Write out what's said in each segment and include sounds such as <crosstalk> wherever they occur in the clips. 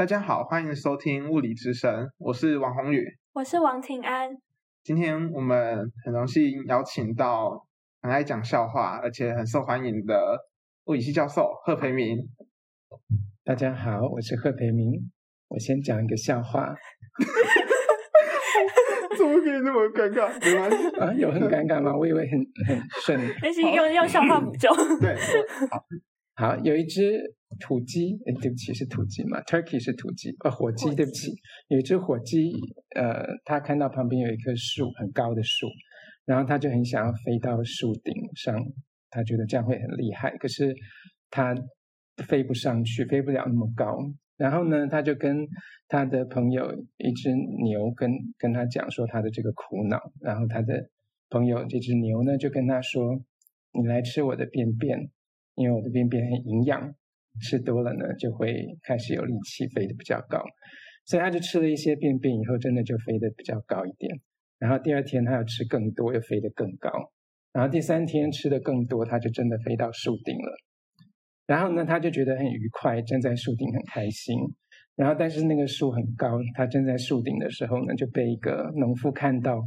大家好，歡迎收聽霧裡之聲，我是王弘禹，我是王廷安。今天我們很榮幸邀請到很愛講笑話而且很受歡迎的物理系教授賀培銘。大家好，我是賀培銘。我先講一個笑話， <laughs> <laughs> 怎麼可以那麼尷尬？啊，有很尷尬嗎？我以為很很順，還是用用笑話補救？對。好好，有一只土雞，誒，對不起，是土雞嘛？Turkey 是土雞，呃、哦，火雞，對不起，oh、有一只火雞，呃，他看到旁邊有一棵樹，很高的樹，然後他就很想要飛到樹頂上，他覺得這樣會很厲害，可是他飛不上去，飛不了那麼高。然後呢，他就跟他的朋友一只牛跟跟他講說他的這個苦惱，然後他的朋友這只牛呢就跟他說：“你來吃我的便便。”因為我的便便很營養，吃多了呢，就會開始有力氣飛得比較高。所以他就吃了一些便便，以後真的就飛得比較高一點。然後第二天他要吃更多，又飛得更高。然後第三天吃得更多，他就真的飛到樹頂了。然後呢，他就覺得很愉快，站在樹頂很開心。然後但是那個樹很高，他站在樹頂的時候呢，就被一個農夫看到，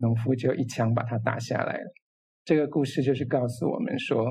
農夫就一槍把他打下來了。這個故事就是告訴我們說。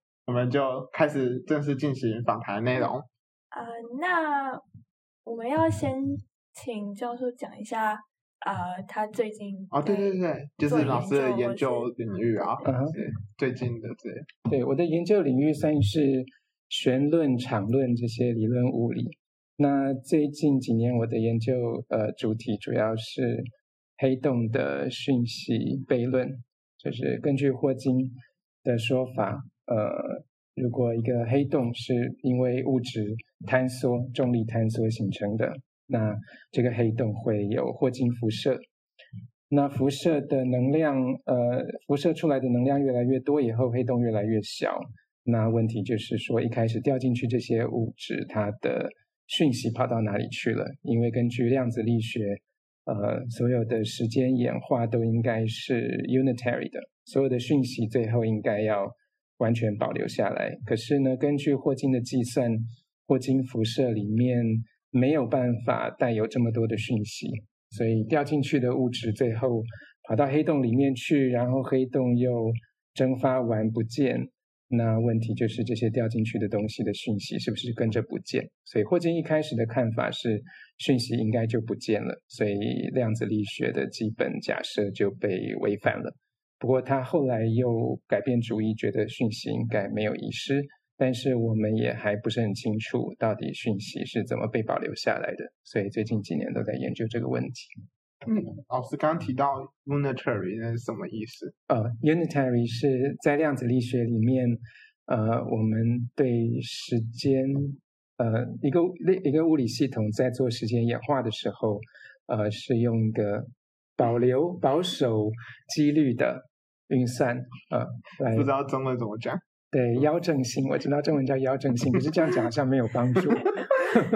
我們就開始正式進行訪談內容。啊、呃，那我們要先請教授講一下，呃，他最近啊、哦，對對對對，就是老師的研究領域啊，嗯，最近的對對，我的研究領域算是弦論、場論這些理論物理。那最近幾年我的研究呃，主題主要是黑洞的訊息悖論，就是根據霍金的說法。呃，如果一個黑洞是因為物質坍縮、重力坍縮形成的，那這個黑洞會有霍金輻射。那輻射的能量，呃，輻射出來的能量越來越多以後，黑洞越來越小。那問題就是說，一開始掉進去這些物質，它的訊息跑到哪裡去了？因為根據量子力學，呃，所有的時間演化都應該是 unitary 的，所有的訊息最後應該要完全保留下來。可是呢，根據霍金的計算，霍金輻射裡面沒有辦法帶有這麼多的訊息，所以掉進去的物質最後跑到黑洞裡面去，然後黑洞又蒸發完不見。那問題就是這些掉進去的東西的訊息是不是跟着不見？所以霍金一開始的看法是訊息應該就不見了，所以量子力學的基本假設就被違反了。不過他後來又改變主意，覺得訊息應該沒有遺失。但是我們也還不是很清楚，到底訊息是怎麼被保留下來的。所以最近幾年都在研究這個問題。嗯，老師剛剛提到 unitary，那是什麼意思？呃、uh,，unitary 是在量子力學裡面，呃、uh,，我們對時間，呃、uh,，一個一個物理系統在做時間演化的時候，呃、uh,，是用的保留保守幾率的。運算、呃來，不知道中文怎麼講。對，幺正性我知道中文叫幺正性， <laughs> 可是這樣講好像沒有幫助、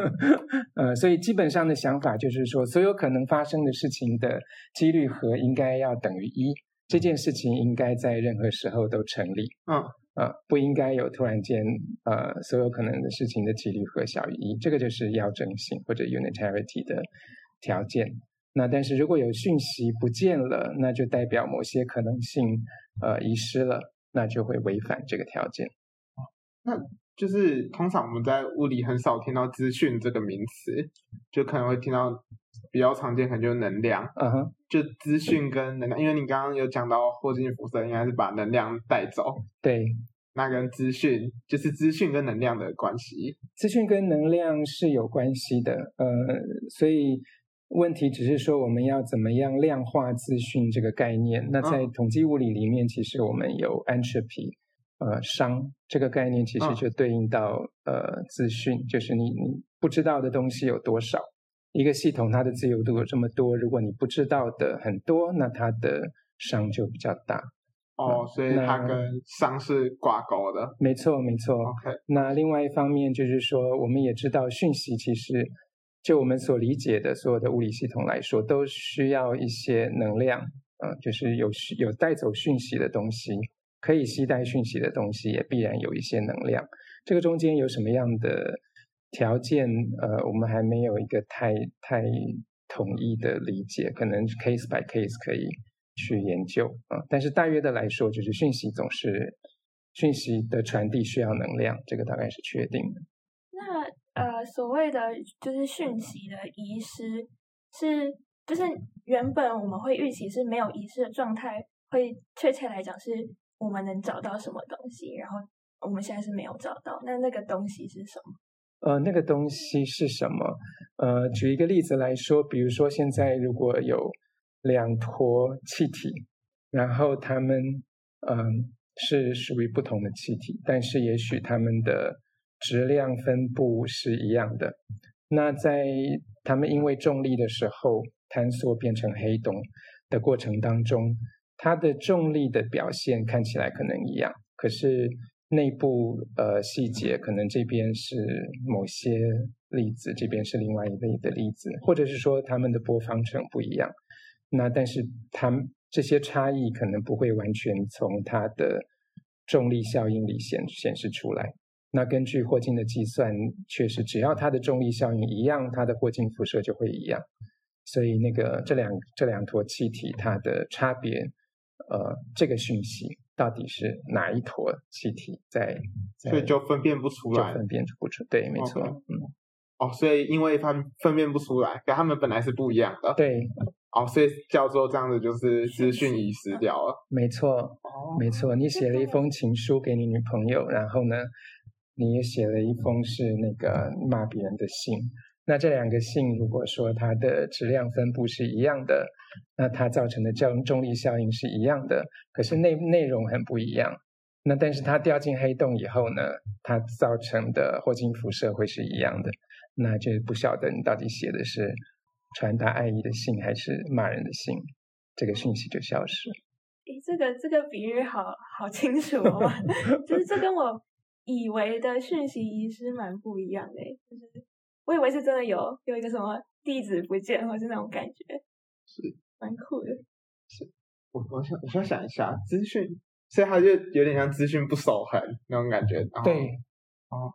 <laughs> 呃。所以基本上的想法就是說，所有可能發生的事情的幾率和應該要等於一，這件事情應該在任何時候都成立。嗯、哦呃，不應該有突然間，呃，所有可能的事情的幾率和小於一，這個就是幺正性或者 unitarity 的條件。那但是如果有訊息不見了，那就代表某些可能性呃遺失了，那就會違反這個條件。那就是通常我們在物理很少聽到資訊這個名詞，就可能會聽到比較常見，可能就是能量。嗯哼，就資訊跟能量，因為你剛剛有講到霍金輻射，應該是把能量帶走。對，那跟資訊就是資訊跟能量的關係。資訊跟能量是有關係的，呃，所以。問題只是說我們要怎麼樣量化資訊這個概念？那在統計物理裡面，其實我們有 entropy（、呃、熵）這個概念，其實就對應到、哦、呃資訊，就是你你不知道的東西有多少。一個系統它的自由度有這麼多，如果你不知道的很多，那它的熵就比較大。哦，那所以它跟熵是掛鈎的。沒錯，沒錯。Okay. 那另外一方面就是說，我們也知道訊息其實。就我們所理解的所有的物理系統來說，都需要一些能量，啊、呃，就是有有帶走訊息的東西，可以攜帶訊息的東西，也必然有一些能量。這個中間有什麼樣的條件，呃，我們還沒有一個太太統一的理解，可能 case by case 可以去研究啊、呃。但是大約的來說，就是訊息總是訊息的傳遞需要能量，這個大概是確定的。呃，所謂的就是訊息的遺失是，是就是原本我們會預期是沒有遺失的狀態，會確切來講是我們能找到什麼東西，然後我們現在是沒有找到，那那個東西是什麼？呃，那個東西是什麼？呃，舉一個例子來說，比如說現在如果有兩坨氣體，然後他們嗯、呃、是屬於不同的氣體，但是也許他們的質量分布是一樣的，那在它們因為重力的時候坍縮變成黑洞的過程當中，它的重力的表現看起來可能一樣，可是內部呃細節可能這邊是某些粒子，這邊是另外一類的粒子，或者是說它們的波方程不一樣。那但是它這些差異可能不會完全從它的重力效應裡顯顯示出來。那根據霍金的計算，確實只要它的重力效應一樣，它的霍金輻射就會一樣。所以那個這兩這兩坨氣體，它的差別，呃，這個訊息到底是哪一坨氣體在？在所以就分辨不出來。就分辨不出對，沒錯。okay. 嗯。哦，所以因為它分辨不出來，跟他們本來是不一樣的。對。哦，所以教授這樣子就是資訊遺失掉了。沒錯，沒錯。你寫了一封情書給你女朋友，然後呢，你也寫了一封是那個罵別人的信，那這兩個信如果說它的質量分布是一樣的，那它造成的重重力效應是一樣的，可是內內容很不一樣。那但是它掉進黑洞以後呢，它造成的霍金輻射會是一樣的，那就不曉得你到底寫的是傳達愛意的信還是罵人的信，這個訊息就消失了。誒，這個這個比喻好好清楚，哦， <laughs> 就是這跟我。以為的訊息遺失蠻不一樣的，就是我以為是真的有有一個什麼弟子不見，或是那種感覺，是蠻酷的。是，我我想我想想一下資訊，所以他就有點像資訊不守恆那種感覺。對，哦，哦，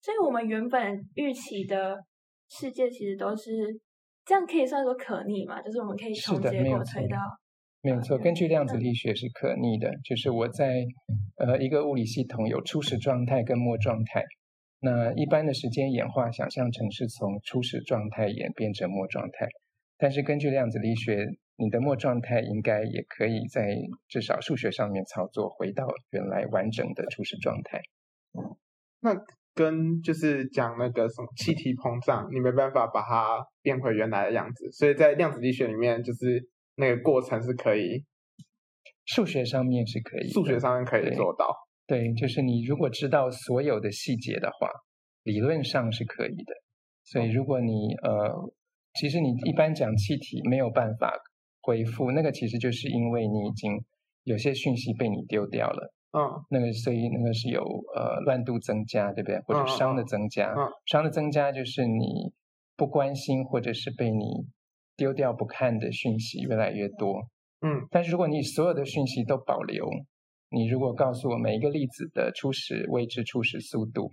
所以我們原本預期的世界其實都是這樣，可以算作可逆嘛，就是我們可以從結果推到。沒錯，根據量子力學是可逆的，就是我在呃一個物理系統有初始狀態跟末狀態，那一般的時間演化想象成是從初始狀態演變成末狀態，但是根據量子力學，你的末狀態應該也可以在至少數學上面操作回到原來完整的初始狀態。那跟就是講那個什麼氣體膨脹，你沒辦法把它變回原來的樣子，所以在量子力學裡面就是。那個過程是可以，數學上面是可以，數學上面可以做到對。對，就是你如果知道所有的細節的話，理論上是可以的。所以如果你、嗯、呃，其實你一般講氣體沒有辦法恢復，那個其實就是因為你已經有些訊息被你丟掉了。嗯，那個所以那個是有呃亂度增加，對不對？或者熵的增加，熵、嗯嗯、的增加就是你不關心或者是被你。丟掉不看的訊息越來越多，嗯，但是如果你所有的訊息都保留，你如果告訴我每一個粒子的初始位置、初始速度，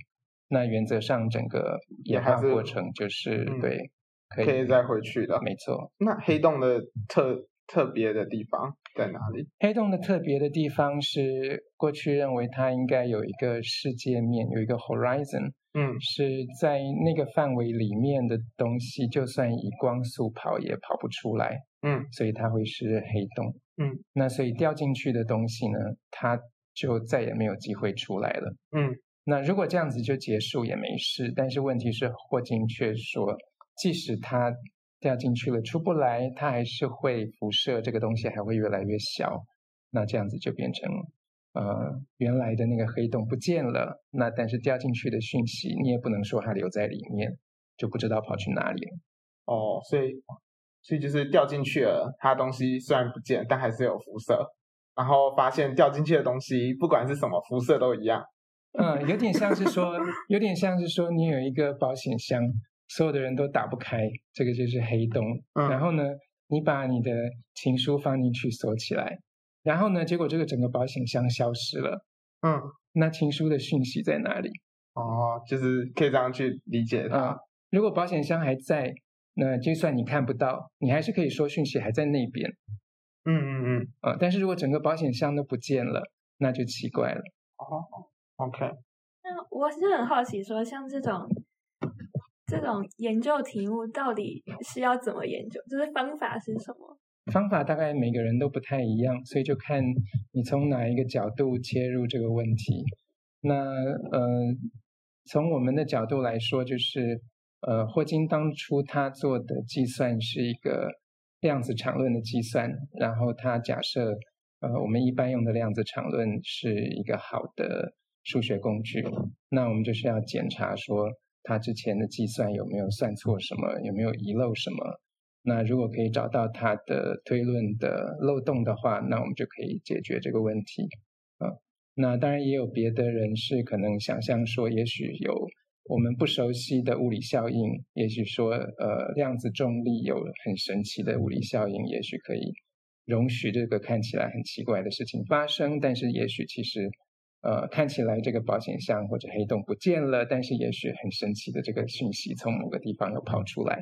那原則上整個演化過程就是，是對、嗯可以，可以再回去的，沒錯。那黑洞的特特別的地方在哪裡？黑洞的特別的地方是過去認為它應該有一個視界面，有一個 horizon。嗯，是在那個範圍裡面的東西，就算以光速跑也跑不出來。嗯，所以它會是黑洞。嗯，那所以掉進去的東西呢，它就再也沒有機會出來了。嗯，那如果這樣子就結束也沒事，但是問題是霍金卻說，即使它掉進去了，出不來，它還是會輻射，這個東西還會越來越小，那這樣子就變成了。呃，原來的那個黑洞不見了，那但是掉進去的訊息，你也不能說它留在裡面，就不知道跑去哪裡了。哦，所以，所以就是掉進去了，它的東西雖然不見，但還是有輻射。然後發現掉進去的東西，不管是什麼輻射都一樣。嗯，有點像是說， <laughs> 有點像是說，你有一個保險箱，所有的人都打不開，這個就是黑洞。嗯，然後呢，你把你的情書放進去，鎖起來。然後呢？結果這個整個保險箱消失了。嗯，那情書的訊息在哪裡？哦，就是可以這樣去理解它。啊，如果保險箱還在，那就算你看不到，你還是可以說訊息還在那邊。嗯嗯嗯。啊，但是如果整個保險箱都不見了，那就奇怪了。哦，OK。那我是很好奇，說像這種這種研究題目，到底是要怎麼研究？就是方法是什麼？方法大概每個人都不太一樣，所以就看你從哪一個角度切入這個問題。那呃，從我們的角度來說，就是呃，霍金當初他做的計算是一個量子場論的計算，然後他假設呃，我們一般用的量子場論是一個好的數學工具，那我們就是要檢查說他之前的計算有沒有算錯什麼，有沒有遺漏什麼。那如果可以找到它的推論的漏洞的話，那我們就可以解決這個問題。啊，那當然也有別的人是可能想象說，也許有我們不熟悉的物理效應，也許說，呃，量子重力有很神奇的物理效應，也許可以容許這個看起來很奇怪的事情發生。但是也許其實，呃，看起來這個保險箱或者黑洞不見了，但是也許很神奇的這個訊息從某個地方又跑出來，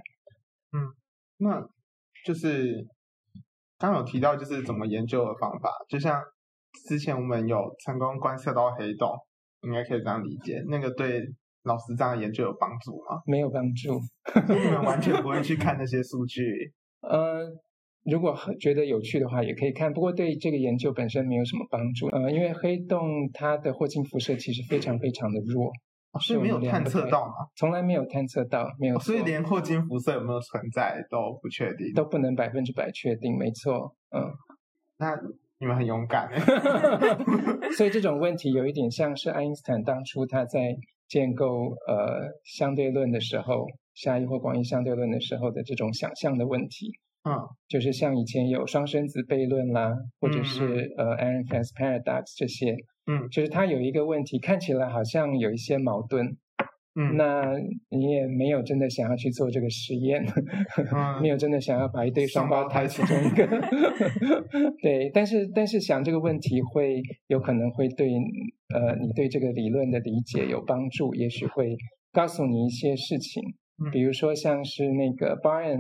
嗯。那就是剛剛有提到，就是怎麼研究的方法，就像之前我們有成功觀測到黑洞，應該可以這樣理解。那個對老師這樣的研究有幫助嗎？沒有幫助， <laughs> 我們完全不會去看那些數據。 <laughs> 呃，如果覺得有趣的話，也可以看，不過對這個研究本身沒有什麼幫助。呃，因為黑洞它的霍金輻射其實非常非常的弱。是、哦、沒有探測到嗎？從來沒有探測到，沒有、哦。所以連霍金輻射有沒有存在都不確定，都不能百分之百確定。沒錯，嗯，那你們很勇敢。 <laughs> <laughs> 所以這種問題有一點像是愛因斯坦當初他在建構呃相對論的時候，狹義或廣義相對論的時候的這種想象的問題。嗯，就是像以前有雙生子悖論啦，或者是嗯嗯呃、Ehrenfest、Paradox 這些。嗯，就是他有一個問題，看起來好像有一些矛盾。嗯，那你也沒有真的想要去做這個實驗，嗯、 <laughs> 沒有真的想要把一對雙胞胎其中一個。 <laughs> 對，但是但是想這個問題會有可能會對呃你對這個理論的理解有幫助，也許會告訴你一些事情，嗯、比如說像是那個 barn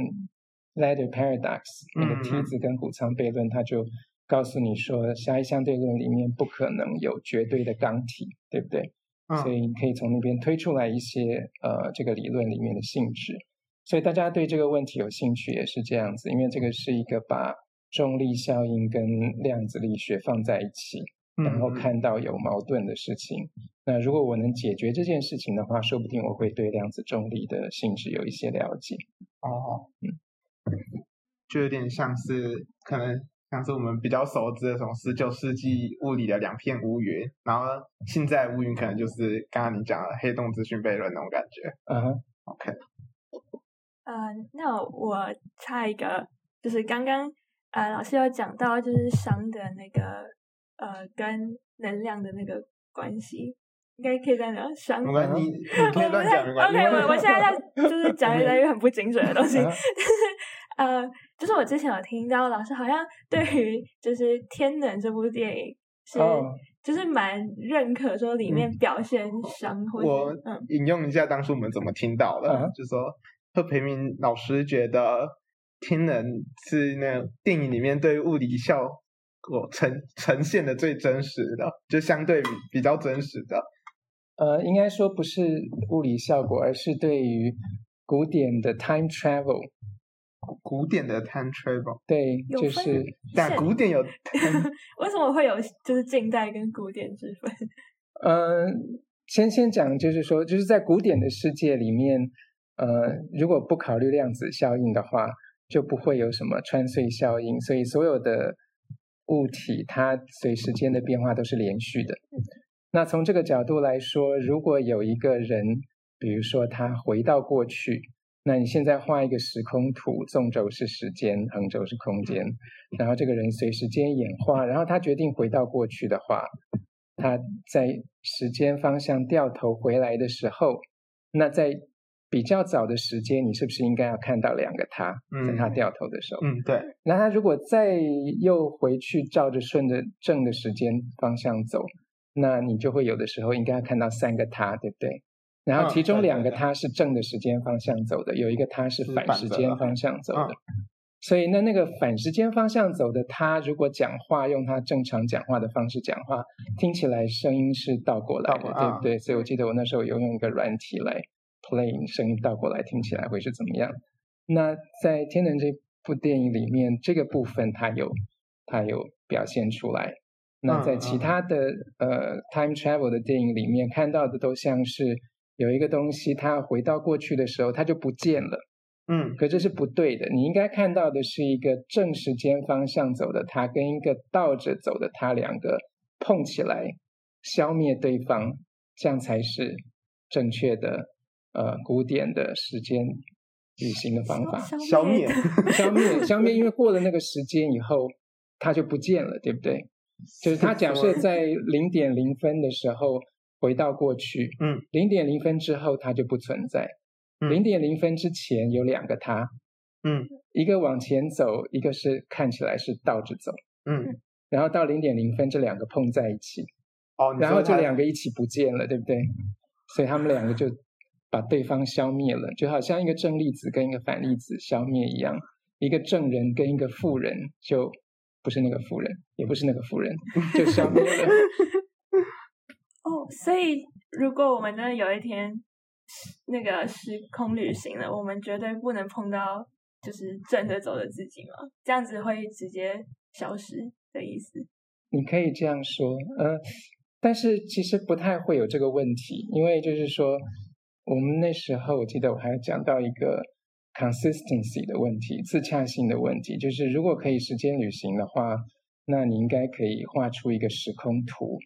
ladder paradox、嗯、那個梯子跟穀倉悖論，它就。告訴你說，狹義相對論裡面不可能有絕對的剛體，對不對？哦、所以你可以從那邊推出來一些呃，這個理論裡面的性質。所以大家對這個問題有興趣也是這樣子，因為這個是一個把重力效應跟量子力學放在一起，然後看到有矛盾的事情。嗯、那如果我能解決這件事情的話，說不定我會對量子重力的性質有一些了解。哦，嗯，就有點像是可能。像是我們比較熟知的，從十九世紀物理的兩片烏雲，然後現在烏雲可能就是剛剛你講的黑洞資訊悖論那種感覺。嗯、uh -huh.，OK。呃，那我插一個，就是剛剛呃、uh, 老師有講到，就是熵的那個呃、uh, 跟能量的那個關係，應該可以在熵可以講 <laughs> 不是在。沒關係，你你 OK， <laughs> 我我現在要就是講一點很不精準的東西。Uh -huh. <laughs> 呃、uh,，就是我之前有聽到老師好像對於就是《天能》這部電影是就是蠻認可，說裡面表現會、嗯。我引用一下，當初我們怎麼聽到的、嗯，就說賀、啊、培銘老師覺得《天能》是那電影裡面對物理效果呈呈現的最真實的，就相對比較真實的。呃，應該說不是物理效果，而是對於古典的 time travel。古典的 Time Travel 對，就是但古典有 <laughs> 為什麼會有就是近代，跟古典之分？呃，先先講就是說，就是在古典的世界裡面，呃，如果不考慮量子效應的話，就不會有什麼穿隧效應，所以所有的物體它隨時間的變化都是連續的。那從這個角度來說，如果有一個人，比如說他回到過去。那你現在畫一個時空圖，縱軸是時間，橫軸是空間，然後這個人隨時間演化，然後他決定回到過去的話，他在時間方向掉頭回來的時候，那在比較早的時間，你是不是應該要看到兩個他？嗯。在他掉頭的時候嗯，嗯，對。那他如果再又回去，照着順着正的時間方向走，那你就會有的時候應該要看到三個他，對不對？然後其中兩個它是，oh, 是正的時間方向走的，有一個它是反時間方向走的。的 oh. 所以那那個反時間方向走的它，他如果講話用它正常講話的方式講話，聽起來聲音是倒過來的，對不對啊？所以我記得我那時候有用一個軟體來 playing 聲音倒過來，聽起來會是怎麼樣？那在《天能》這部電影裡面，這個部分它有它有表現出來。那在其他的、嗯、呃 time travel 的電影裡面看到的都像是。有一個東西，它回到過去的時候，它就不見了。嗯，可這是不對的。你應該看到的是一個正時間方向走的它，跟一個倒着走的它兩個碰起來，消滅對方，這樣才是正確的。呃，古典的時間旅行的方法，消，消滅、消滅、 <laughs> 消滅，因為過了那個時間以後，它就不見了，對不對？就是它假設在零點零分的時候。回到過去，嗯，零點零分之後他就不存在，零點零分之前有兩個他，嗯，一個往前走，一個是看起來是倒着走，嗯，然後到零點零分這兩個碰在一起，哦，然後這兩個一起不見了，對不對？所以他們兩個就把對方消滅了，就好像一個正粒子跟一個反粒子消滅一樣，一個正人跟一個負人就不是那個負人、嗯，也不是那個負人就消滅了。 <laughs> 哦，所以，如果我們真的有一天那個時空旅行了，我們絕對不能碰到就是轉着走的自己嘛，這樣子會直接消失的意思？你可以這樣說，呃，但是其實不太會有這個問題，因為就是說，我們那時候我記得我還講到一個 consistency 的問題，自洽性的問題，就是如果可以時間旅行的話，那你應該可以畫出一個時空圖。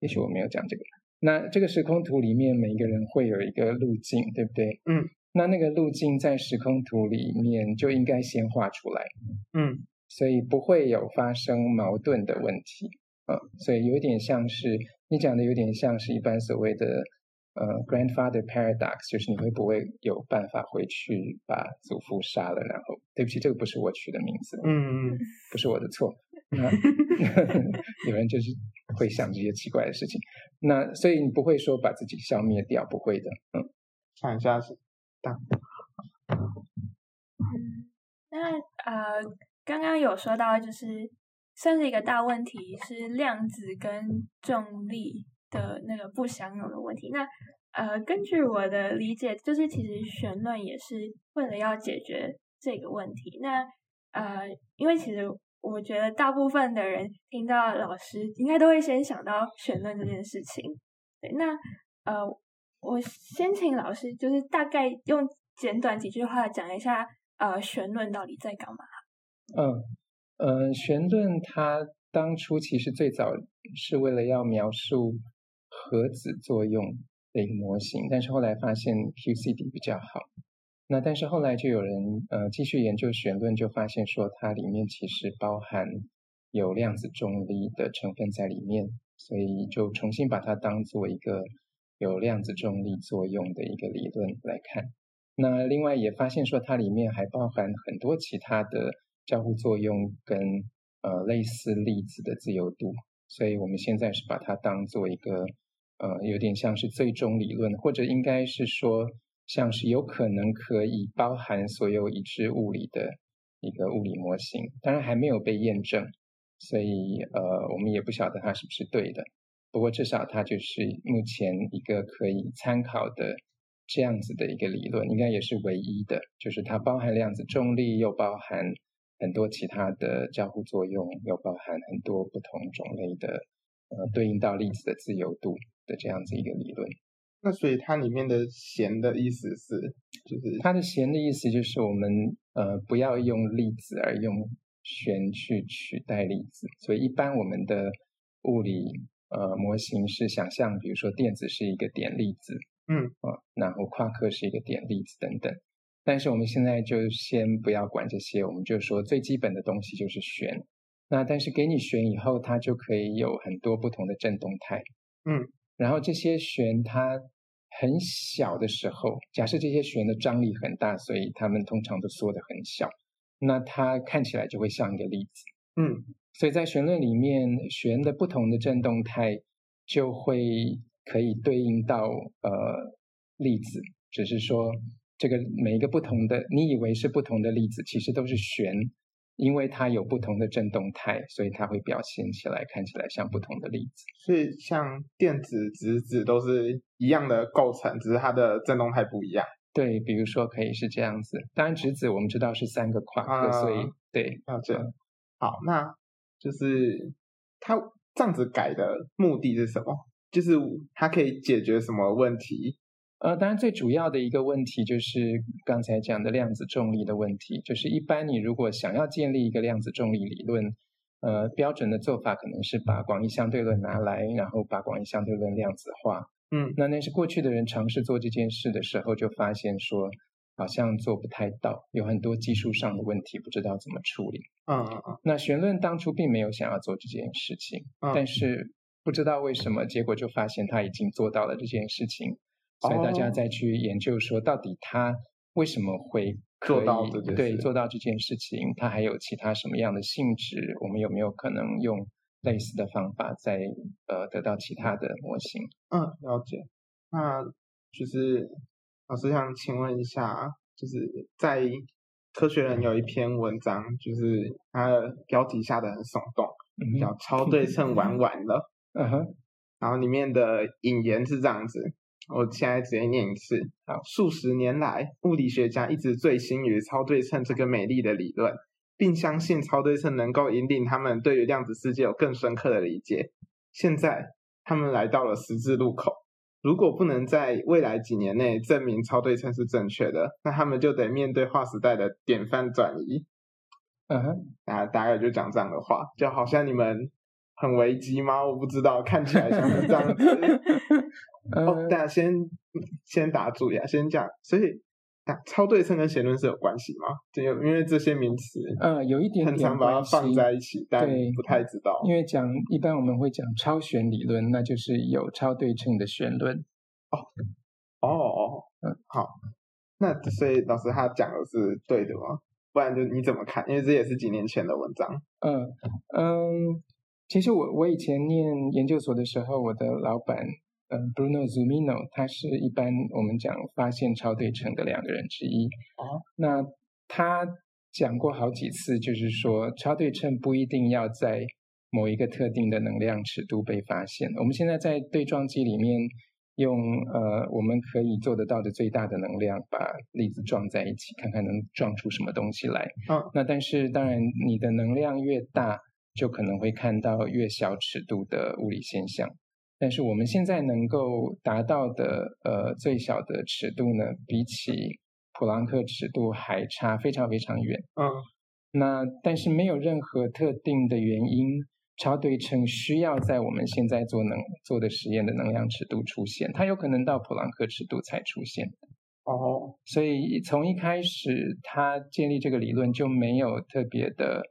也許我沒有講這個。那這個時空圖裡面，每一個人會有一個路徑，對不對？嗯。那那個路徑在時空圖裡面，就應該先畫出來。嗯。所以不會有發生矛盾的問題啊。所以有點像是，你講的有點像是一般所謂的呃 grandfather paradox，就是你會不會有辦法回去把祖父殺了？然後，對不起，這個不是我取的名字。嗯嗯，不是我的錯。 <laughs> <laughs> 有人就是會想這些奇怪的事情，那所以你不會說把自己消滅掉，不會的。嗯，反下是大嗯，那呃，剛剛有說到，就是算是一個大問題，是量子跟重力的那個不相容的問題。那呃，根據我的理解，就是其實弦論也是為了要解決這個問題。那呃，因為其實。我覺得大部分的人聽到老師，應該都會先想到弦論這件事情。對，那呃，我先請老師，就是大概用簡短幾句話講一下，呃，弦論到底在幹嘛？嗯、呃，呃，弦論它當初其實最早是為了要描述核子作用的一個模型，但是後來發現 QCD 比較好。那但是後來就有人呃繼續研究弦論，就發現說它裡面其實包含有量子重力的成分在裡面，所以就重新把它當做一個有量子重力作用的一個理論來看。那另外也發現說它裡面還包含很多其他的交互作用跟呃類似粒子的自由度，所以我們現在是把它當做一個呃有點像是最終理論，或者應該是說，像是有可能可以包含所有已知物理的一個物理模型，當然還沒有被驗證，所以呃，我們也不曉得它是不是對的。不過至少它就是目前一個可以參考的這樣子的一個理論，應該也是唯一的，就是它包含量子重力，又包含很多其他的交互作用，又包含很多不同種類的呃對應到粒子的自由度的這樣子一個理論。那所以它裡面的弦的意思是，就是它的弦的意思就是我們呃不要用粒子而用弦去取代粒子。所以一般我們的物理呃模型是想象，比如說電子是一個點粒子，嗯啊，然後夸克是一個點粒子等等。但是我們現在就先不要管這些，我們就說最基本的東西就是弦。那但是給你弦以後，它就可以有很多不同的振動態，嗯。然後這些弦它很小的時候，假設這些弦的張力很大，所以它們通常都縮得很小，那它看起來就會像一個粒子。嗯，所以在弦論裡面，弦的不同的振動態就會可以對應到呃粒子，只是說這個每一個不同的你以為是不同的粒子，其實都是弦。因為它有不同的振動態，所以它會表現起來看起來像不同的粒子。所以像電子、質子都是一樣的構成，只是它的振動態不一樣。對，比如說可以是這樣子。當然，質子我們知道是三個夸克，嗯、所以對。要這樣、嗯、好，那就是它這樣子改的目的是什麼？就是它可以解決什麼問題？呃，當然，最主要的一個問題就是剛才講的量子重力的問題。就是一般你如果想要建立一個量子重力理論，呃，標準的做法可能是把廣義相對論拿來，然後把廣義相對論量子化。嗯，那那是過去的人嘗試做這件事的時候，就發現說好像做不太到，有很多技術上的問題，不知道怎麼處理。啊啊啊！那弦論當初並沒有想要做這件事情，嗯，但是不知道為什麼，結果就發現他已經做到了這件事情。所以大家再去研究說，到底他為什麼會做到對？對做到這件事情，他還有其他什麼樣的性質？我們有沒有可能用類似的方法再，再呃得到其他的模型？嗯，了解。那就是老師想請問一下，就是在《科學人》有一篇文章，就是他的標題下的很聳動，叫“超對稱玩完了”。嗯哼、嗯嗯。然後裡面的引言是這樣子。我現在直接念一次啊，數十年來，物理學家一直醉心於超對稱這個美麗的理論，並相信超對稱能夠引領他們對於量子世界有更深刻的理解。現在，他們來到了十字路口。如果不能在未來幾年內證明超對稱是正確的，那他們就得面對劃時代的典範轉移。嗯哼，啊，大概就講這樣的話，就好像你們。很危機嗎？我不知道，看起來像是這樣子。 <laughs> 嗯、哦，大家先先打住呀、啊，先講。所以，打超對稱跟弦論是有關係嗎？對，因為這些名詞，嗯，有一點點，很常把它放在一起，嗯、一點點但不太知道。嗯、因為講一般我們會講超弦理論，那就是有超對稱的弦論。哦，哦哦，嗯，好。那所以老師他講的是對的嗎？不然就你怎麼看？因為這也是幾年前的文章。嗯嗯。其實我我以前念研究所的時候，我的老闆呃 Bruno Zumino，他是一般我們講發現超對稱的兩個人之一。啊、哦，那他講過好幾次，就是說超對稱不一定要在某一個特定的能量尺度被發現。我們現在在對撞機裡面用呃我們可以做得到的最大的能量，把粒子撞在一起，看看能撞出什麼東西來。啊、哦，那但是當然，你的能量越大。就可能會看到越小尺度的物理現象，但是我們現在能夠達到的呃最小的尺度呢，比起普朗克尺度還差非常非常遠。嗯，那但是沒有任何特定的原因，超對稱需要在我們現在做能做的實驗的能量尺度出現，它有可能到普朗克尺度才出現。哦，嗯，所以從一開始他建立這個理論就沒有特別的。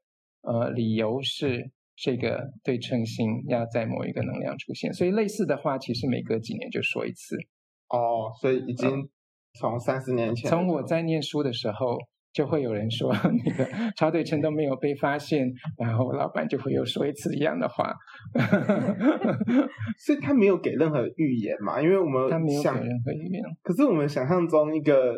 呃，理由是這個對稱性要在某一個能量出現，所以類似的話，其實每隔幾年就說一次。哦，所以已經從三十年前，嗯，從我在念書的時候，就會有人說那個超對稱都沒有被發現， <laughs> 然後老闆就會又說一次一樣的話。所 <laughs> 以 <laughs> 他沒有給任何預言嘛？因為我們想，他沒有給任何預言。可是我們想象中一個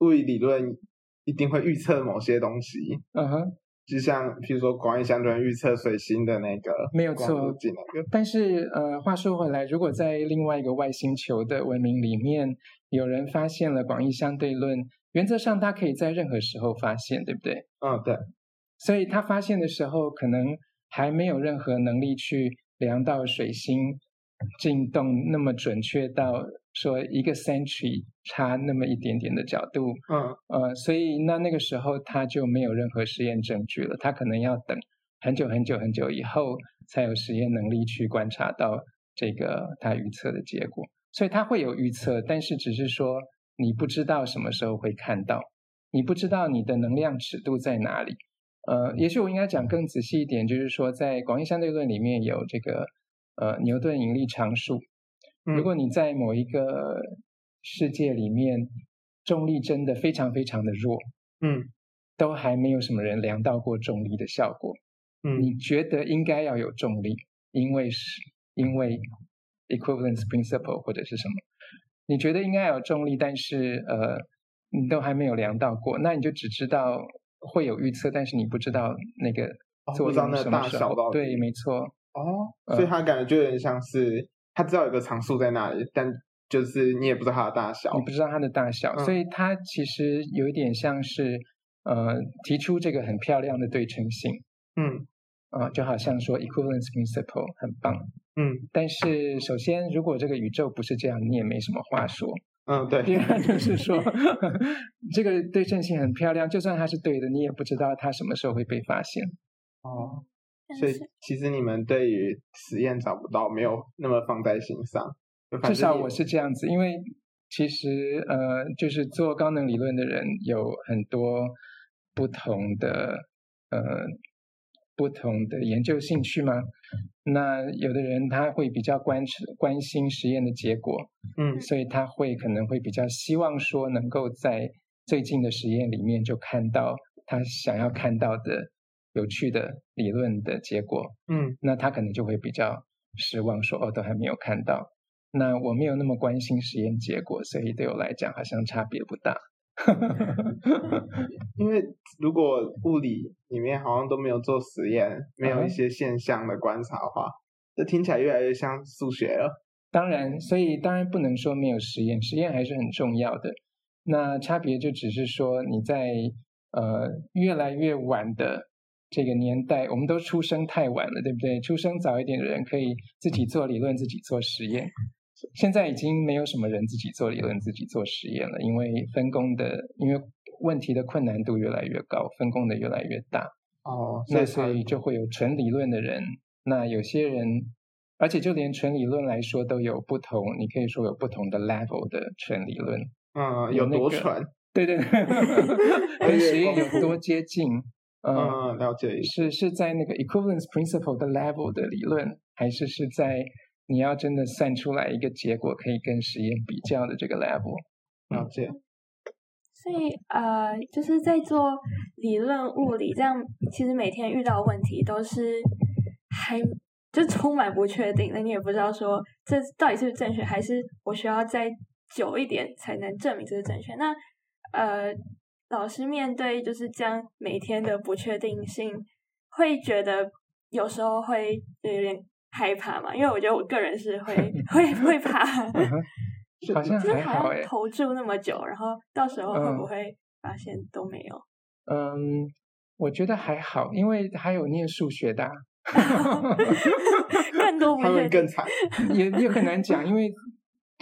物理理論一定會預測某些東西。嗯哼。就像，譬如說廣義相對論預測水星的那個，沒有錯、那個。但是，呃，話說回來，如果在另外一個外星球的文明裡面，有人發現了廣義相對論，原則上他可以在任何時候發現，對不對？啊、哦，對。所以他發現的時候，可能還沒有任何能力去量到水星進動那麼準確到說一個 century 差那麼一點點的角度，嗯、呃，所以那那個時候他就沒有任何實驗證據了，他可能要等很久很久很久以後才有實驗能力去觀察到這個他預測的結果。所以他會有預測，但是只是說你不知道什麼時候會看到，你不知道你的能量尺度在哪裡。呃，也許我應該講更仔細一點，就是說在廣義相對論裡面有這個呃牛頓引力常數。嗯、如果你在某一個世界裡面，重力真的非常非常的弱，嗯，都還沒有什麼人量到過重力的效果，嗯，你覺得應該要有重力，因為是，因為 equivalence principle 或者是什麼，你覺得應該有重力，但是呃，你都還沒有量到過，那你就只知道會有預測，但是你不知道那個什麼，做、哦、到道那大小，對，沒錯，哦，呃、所以他感覺就有點像是。他知道有個常數在那裡，但就是你也不知道它的大小。你、哦、不知道它的大小，嗯，所以它其實有一點像是，呃，提出這個很漂亮的對稱性。嗯，啊、呃，就好像說 equivalence principle 很棒。嗯，但是首先，如果這個宇宙不是這樣，你也沒什麼話說。嗯，對。第二就是說， <laughs> 呵呵這個對稱性很漂亮，就算它是對的，你也不知道它什麼時候會被發現。哦。所以，其實你們對於實驗找不到，沒有那麼放在心上。至少我是這樣子，因為其實呃，就是做高能理論的人有很多不同的呃不同的研究興趣嘛。那有的人他會比較關關心實驗的結果，嗯，所以他會可能會比較希望說能夠在最近的實驗裡面就看到他想要看到的。有趣的理論的結果，嗯，那他可能就會比較失望說，說哦，都還沒有看到。那我沒有那麼關心實驗結果，所以對我來講好像差別不大。 <laughs> 因為如果物理裡面好像都沒有做實驗，沒有一些現象的觀察的話，Uh-huh. 這聽起來越來越像數學了。當然，所以當然不能說沒有實驗，實驗還是很重要的。那差別就只是說你在呃越來越晚的，這個年代，我們都出生太晚了，對不對？出生早一點的人可以自己做理論，自己做實驗。現在已經沒有什麼人自己做理論，自己做實驗了，因為分工的，因為問題的困難度越來越高，分工的越來越大。哦，所那所以就會有純理論的人。那有些人，而且就連純理論來說，都有不同。你可以說有不同的 level 的純理論。啊、嗯那個，有多純？對對對，跟實驗有多接近？嗯、啊，了解。是是在那個 equivalence principle 的 level 的理論，還是是在你要真的算出來一個結果可以跟實驗比較的這個 level？了解。所以呃，就是在做理論物理，這樣其實每天遇到問題都是還就充滿不確定的，那你也不知道說這到底是不是正確，還是我需要再久一點才能證明這是正確。那呃。老師面對就是這樣每天的不確定性，會覺得有時候會有點害怕嘛？因為我覺得我個人是會 <laughs> 會會怕 <laughs> 就，好像還好、就是、好像投注那麼久，然後到時候會不會發現都沒有？嗯，我覺得還好，因為還有念數學的、啊， <laughs> <laughs> <laughs> 更多不會 <laughs> 更慘，也也很難講，因為。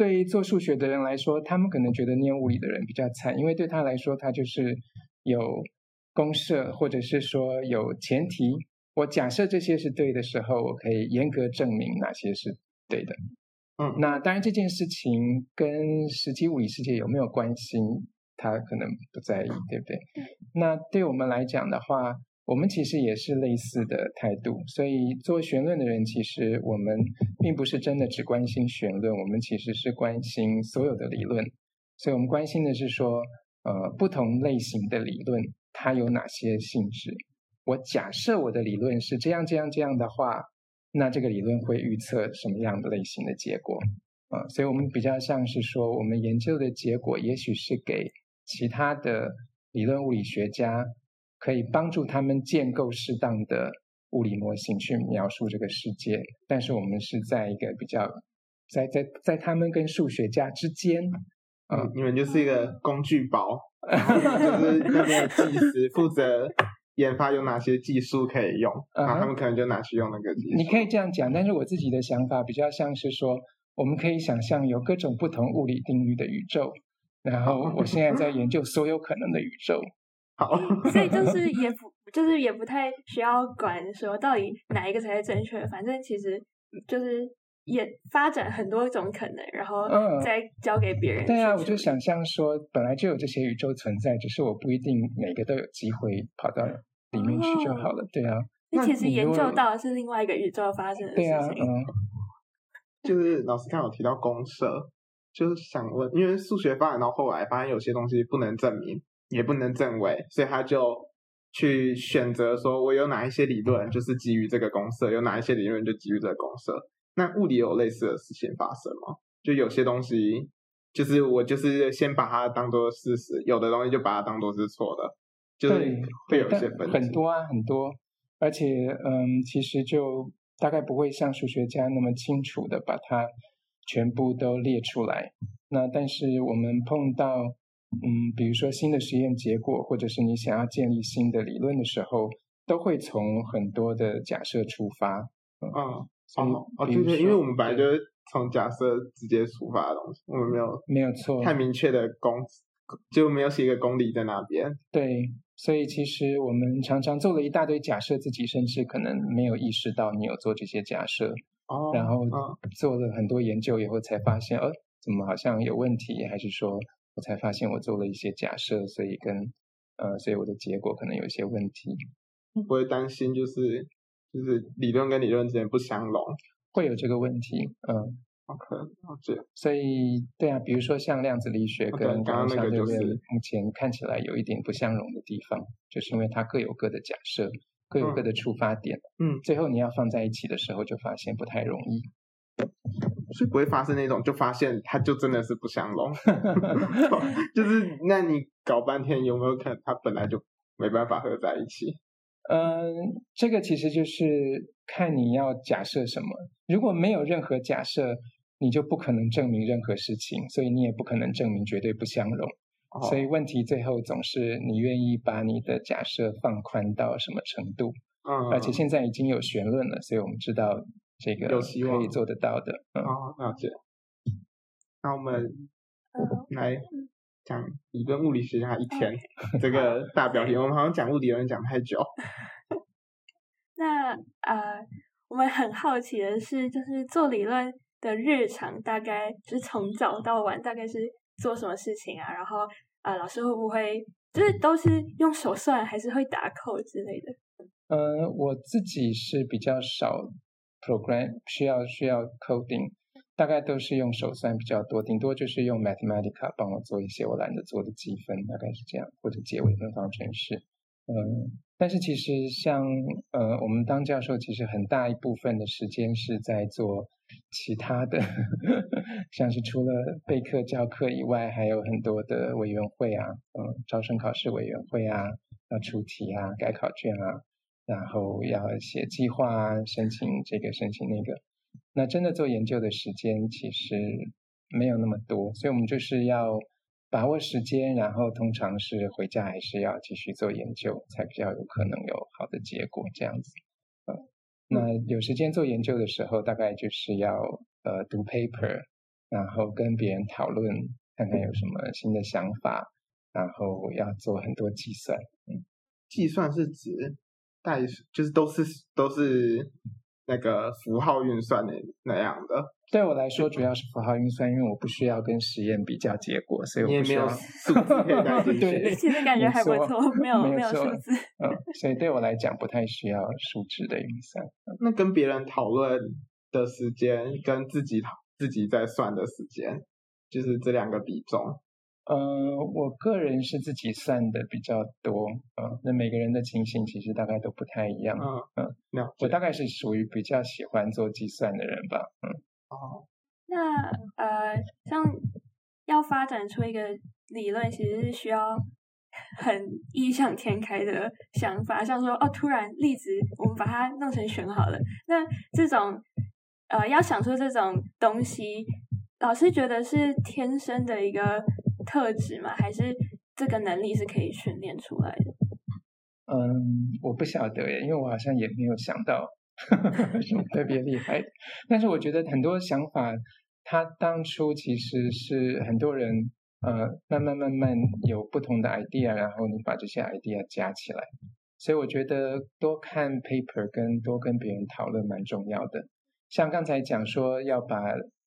對於做數學的人來說，他們可能覺得念物理的人比較慘，因為對他來說，他就是有公式，或者是說有前提。我假設這些是對的時候，我可以嚴格證明哪些是對的。嗯，那當然這件事情跟實際物理世界有沒有關係，他可能不在意，對不對？那對我們來講的話，我們其實也是類似的態度，所以做弦論的人其實我們並不是真的只關心弦論，我們其實是關心所有的理論，所以我們關心的是說，呃，不同類型的理論它有哪些性質。我假設我的理論是這樣這樣這樣的話，那這個理論會預測什麼樣的類型的結果啊。呃，所以我們比較像是說，我們研究的結果也許是給其他的理論物理學家。可以幫助他們建構適當的物理模型去描述這個世界，但是我們是在一個比較在在在他們跟數學家之間，嗯，你們就是一個工具包， <laughs> 就是那邊有技師負責研發有哪些技術可以用，啊、uh-huh.，他們可能就拿去用那個技術。你可以這樣講，但是我自己的想法比較像是說，我們可以想象有各種不同物理定律的宇宙，然後我現在在研究所有可能的宇宙。 <laughs> <laughs> 所以就是也不就是也不太需要管說到底哪一個才是正確，反正其實就是也發展很多種可能，然後再交給別人、嗯。對啊，我就想象說本來就有這些宇宙存在，只，就是我不一定每一個都有機會跑到裡面去就好了。對啊，那其實研究到是另外一個宇宙發生的事情。對啊，嗯，就是老師剛剛提到公設，就是想問，因為數學發展到後來，發現有些東西不能證明，也不能證偽，所以他就去選擇說，我有哪一些理論就是基於這個公設，有哪一些理論就基於這個公設。那物理有類似的事情發生嗎？就有些東西，就是我就是先把它當做事實，有的東西就把它當做是錯的，就是有一些分對。對，但很多啊，很多，而且嗯，其實就大概不會像數學家那麼清楚的把它全部都列出來。那但是我們碰到。嗯，比如說新的實驗結果，或者是你想要建立新的理論的時候，都會從很多的假設出發。嗯。哦、嗯、哦，就是、哦、因為我們本來就是從假設直接出發的東西，我們沒有沒有錯，太明確的公沒就沒有一個公理在那邊。對，所以其實我們常常做了一大堆假設，自己甚至可能沒有意識到你有做這些假設。哦，然後做了很多研究以後才發現，呃、哦嗯哦，怎麼好像有問題，還是說？我才發現我做了一些假設，所以跟呃，所以我的結果可能有一些問題。不會擔心，就是，就是就是理論跟理論之間不相容，會有這個問題。嗯，OK，了解。所以對啊，比如說像量子力學跟剛剛那個就是目前看起來有一點不相容的地方，就是因為它各有各的假設，各有各的出發點。嗯，最後你要放在一起的時候，就發現不太容易。嗯以不會發生那種，就發現它就真的是不相容， <laughs> 就是那你搞半天有沒有可能它本來就沒辦法合在一起？嗯，這個其實就是看你要假設什麼。如果沒有任何假設，你就不可能證明任何事情，所以你也不可能證明絕對不相容。哦，所以問題最後總是你願意把你的假設放寬到什麼程度？嗯，而且現在已經有弦論了，所以我們知道。都希望你做得到的哦，那、嗯、好、哦，哦哦、嗯嗯，那我們來講理論物理學家一天、嗯、這個大標題 <laughs> 我們好像講物理有人講太久 <laughs> 那。那呃，我們很好奇的是，就是做理論的日常，大概、就是從早到晚，大概是做什麼事情啊？然後呃老師會不會就是都是用手算，還是會打扣之類的？呃我自己是比較少，program 需要需要 coding，大概都是用手算比較多，頂多就是用 Mathematica 幫我做一些我懶得做的積分，大概是這樣，或者解微分方程式。嗯，但是其實像呃、嗯，我們當教授其實很大一部分的時間是在做其他的呵呵，像是除了備課、教課以外，還有很多的委員會啊，嗯，招生考試委員會啊，要出題啊，改考卷啊。然後要寫計劃，申請這個，申請那個。那真的做研究的時間其實沒有那麼多，所以我們就是要把握時間。然後通常是回家還是要繼續做研究，才比較有可能有好的結果。這樣子，呃，那有時間做研究的時候，大概就是要呃讀 paper，然後跟別人討論，看看有什麼新的想法，然後要做很多計算。嗯，計算是指。代數就是都是都是那個符號運算的那，那樣的。對我來說，主要是符號運算，因為我不需要跟實驗比較結果，所以我不需要。也沒有數字，對對，其實感覺還不錯，沒有沒有數字， <laughs> <laughs> 有有數字、嗯。所以對我來講，不太需要數值的運算。那跟別人討論的時間跟自己自己在算的時間，就是這兩個比重。嗯、呃，我個人是自己算的比較多啊、嗯。那每個人的情形其實大概都不太一樣啊。嗯，沒有，我大概是屬於比較喜歡做計算的人吧。嗯，哦，那呃，像要發展出一個理論，其實是需要很異想天開的想法，像說哦，突然粒子我們把它弄成弦好了。那這種呃，要想出這種東西，老是覺得是天生的一個。特質嗎？還是這個能力是可以訓練出來的？嗯，我不曉得耶，因為我好像也沒有想到 <laughs> 什麼特別厲害的。 <laughs> 但是我覺得很多想法，他當初其實是很多人呃，慢慢慢慢有不同的 idea，然後你把這些 idea 加起來。所以我覺得多看 paper 跟多跟別人討論蠻重要的。像剛才講說要把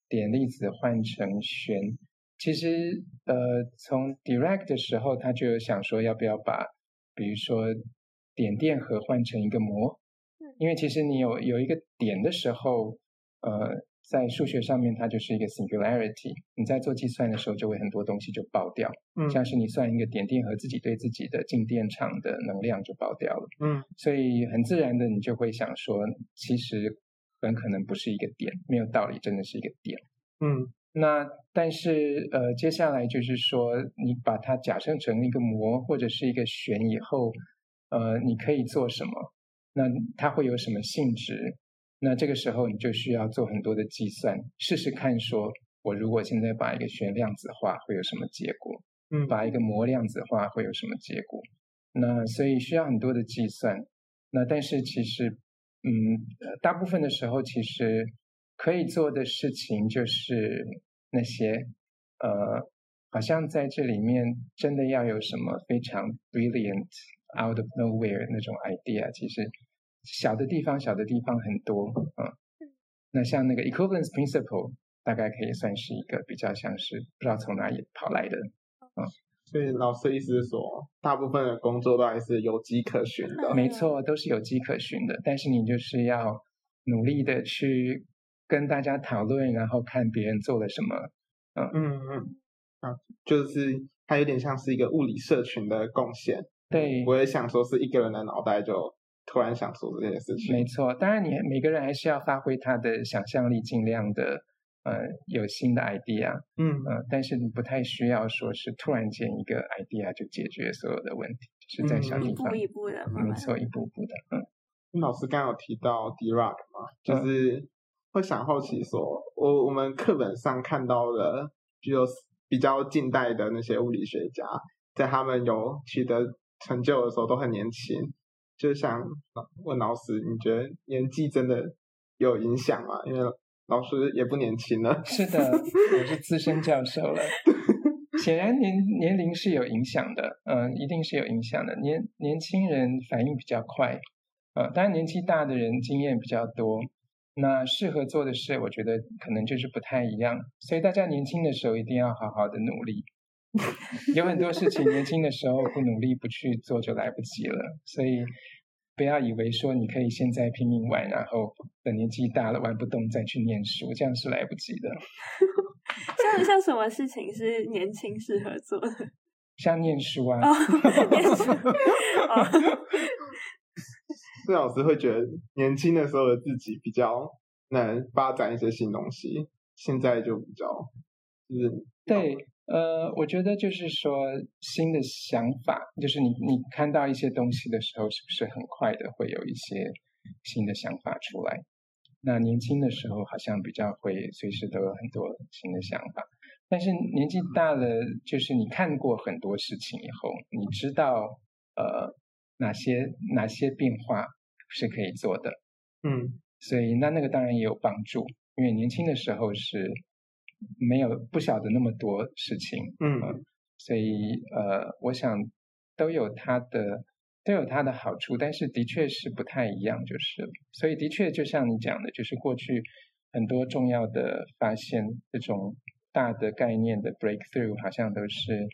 點粒子換成弦。其實，呃，從 direct 的時候，他就有想說，要不要把，比如說點電荷換成一個膜，因為其實你有有一個點的時候，呃，在數學上面它就是一個 singularity，你在做計算的時候就會很多東西就爆掉，嗯，像是你算一個點電荷自己對自己的靜電場的能量就爆掉了，嗯，所以很自然的你就會想說，其實很可能不是一個點，沒有道理真的是一個點，嗯。那但是呃，接下來就是說，你把它假設成一個膜或者是一個弦以後，呃，你可以做什麼？那它會有什麼性質？那這個時候你就需要做很多的計算，試試看，說我如果現在把一個弦量子化會有什麼結果？嗯，把一個膜量子化會有什麼結果？那所以需要很多的計算。那但是其實，嗯，大部分的時候其實可以做的事情就是。那些，呃，好像在這裡面真的要有什麼非常 brilliant out of nowhere 那種 idea，其實小的地方小的地方很多、嗯嗯、那像那個 equivalence principle，大概可以算是一個比較像是不知道從哪裡跑來的。嗯，所以老師意思是說，大部分的工作都還是有跡可循的。嗯、沒錯，都是有跡可循的，但是你就是要努力的去。跟大家討論，然後看別人做了什麼，嗯嗯啊、嗯，就是它有點像是一個物理社群的貢獻。對，我也想說是一個人的腦袋就突然想說這件事情。沒錯，當然你每個人還是要發揮他的想象力，盡量的呃有新的 idea 嗯。嗯、呃、嗯，但是你不太需要說是突然間一個 idea 就解決所有的問題，就是在小地方一步一步的，沒、嗯、錯，一步一步的。嗯，步步嗯嗯老師剛剛有提到 D-Rock 嘛，就是。嗯會想好奇說，我我們課本上看到的，比較比較近代的那些物理學家在他們有取得成就的時候都很年輕。就想問老師，你覺得年紀真的有影響嗎？因為老師也不年輕了。是的，我是資深教授了。 <laughs> 顯然年年齡是有影響的，嗯、呃，一定是有影響的。年年輕人反應比較快，呃，當然年紀大的人經驗比較多。那適合做的事，我覺得可能就是不太一樣，所以大家年輕的時候一定要好好的努力，有很多事情年輕的時候不努力不去做就來不及了，所以不要以為說你可以現在拼命玩，然後等年紀大了玩不動再去念書，這樣是來不及的。像像什麼事情是年輕適合做的？像念書啊，Oh, 念書啊。Oh. 賀老師會覺得年輕的時候的自己比較能發展一些新東西，現在就比較就是對呃，我覺得就是說新的想法，就是你你看到一些東西的時候，是不是很快的會有一些新的想法出來？那年輕的時候好像比較會隨時都有很多新的想法，但是年紀大了，就是你看過很多事情以後，你知道呃哪些哪些變化。是可以做的，嗯，所以那那個當然也有幫助，因為年輕的時候是沒有不曉得那麼多事情，嗯，呃、所以呃，我想都有它的都有它的好處，但是的確是不太一樣，就是，所以的確就像你講的，就是過去很多重要的發現，這種大的概念的 breakthrough 好像都是